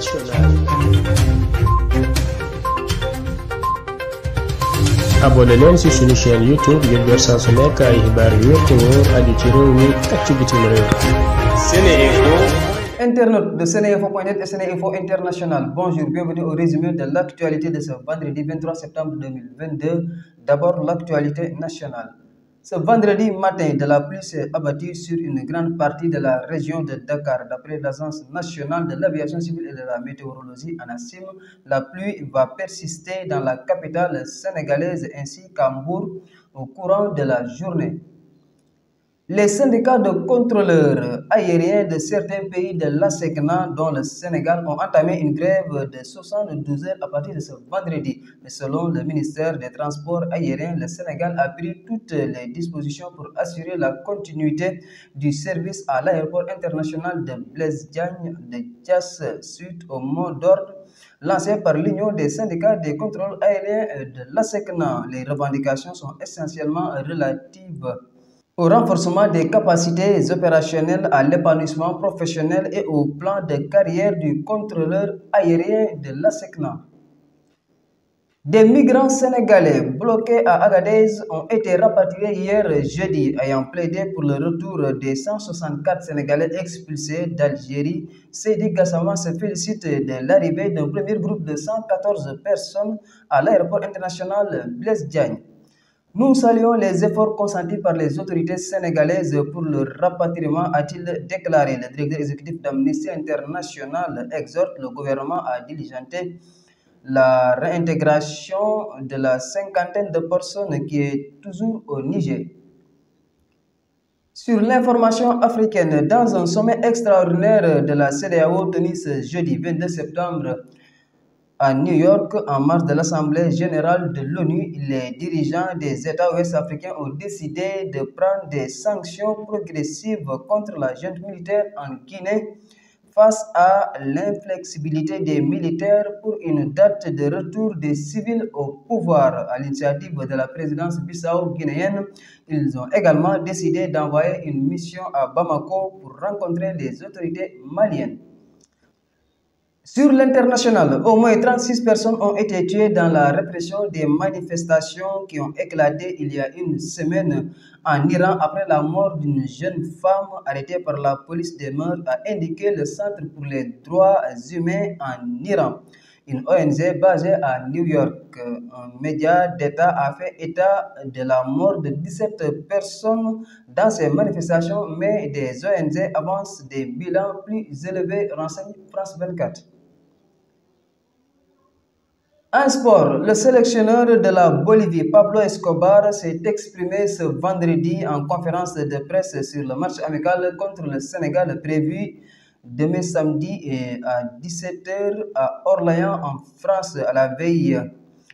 internationale. abonné leen ci suñu chaîne youtube ngir jot saa su nekk ay xibaar yu wér ci réew mi ak ci bitim réew. SeneInfo. internet de seneinfo.net et SeneInfo international bonjour bienvenue au résumé de l'actualité de ce vendredi 23 septembre d'abord l'actualité nationale. Ce vendredi matin, de la pluie s'est abattue sur une grande partie de la région de Dakar. D'après l'Agence nationale de l'aviation civile et de la météorologie, ANASIM, la pluie va persister dans la capitale sénégalaise ainsi qu'à Mbour au courant de la journée. Les syndicats de contrôleurs aériens de certains pays de l'ASECNA, dont le Sénégal, ont entamé une grève de 72 heures à partir de ce vendredi. selon le ministère des Transports aériens, le Sénégal a pris toutes les dispositions pour assurer la continuité du service à l'aéroport international de Blaise Diagne de Thiès suite au mot d'ordre lancé par l'Union des syndicats des contrôles aériens de l'ASECNA. Les revendications sont essentiellement relatives au renforcement des capacités opérationnelles, à l'épanouissement professionnel et au plan de carrière du contrôleur aérien de l'ASECNA. Des migrants sénégalais bloqués à Agadez ont été rapatriés hier jeudi, ayant plaidé pour le retour des 164 Sénégalais expulsés d'Algérie. Seydi Gassama se félicite de l'arrivée d'un premier groupe de personnes à l'aéroport international Blaise Nous saluons les efforts par les autorités sénégalaises pour le rapatriement, a-t-il déclaré. Le directeur exécutif d'Amnesty International exhorte le de la cinquantaine de personnes qui est toujours au africaine, dans un sommet extraordinaire de la CDAO tenu ce jeudi septembre, à New York en mars de l'Assemblée générale de l'ONU, les dirigeants des États ouest-africains ont décidé de prendre des sanctions progressives contre la junte militaire en Guinée face à l'inflexibilité des militaires pour une date de retour des civils au pouvoir. À l'initiative de la présidence bissau-guinéenne, ils ont également décidé d'envoyer une mission à Bamako pour rencontrer les autorités maliennes. Sur l'international, au moins 36 personnes ont été tuées dans la répression des manifestations qui ont éclaté a une semaine en Iran après la mort d'une jeune femme arrêtée par la police des mœurs, a pour les droits humains en Iran. une ONG basée à New York. Un média d'État a fait état de la mort de 17 personnes dans ces manifestations, mais des ONG avancent des bilans plus élevés, renseigne France 24. En sport, le sélectionneur de la Bolivie, Pablo Escobar, s'est exprimé ce vendredi en conférence de presse sur le match amical contre le Sénégal prévu demain samedi à 17h à Orléans en France à la veille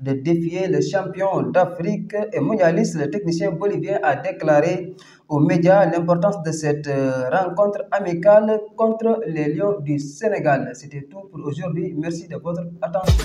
de défier le champion d'Afrique et mondialiste, le technicien bolivien a déclaré aux médias l'importance de cette euh, rencontre amicale contre les Lions du Sénégal. C'était tout pour aujourd'hui. Merci de votre attention.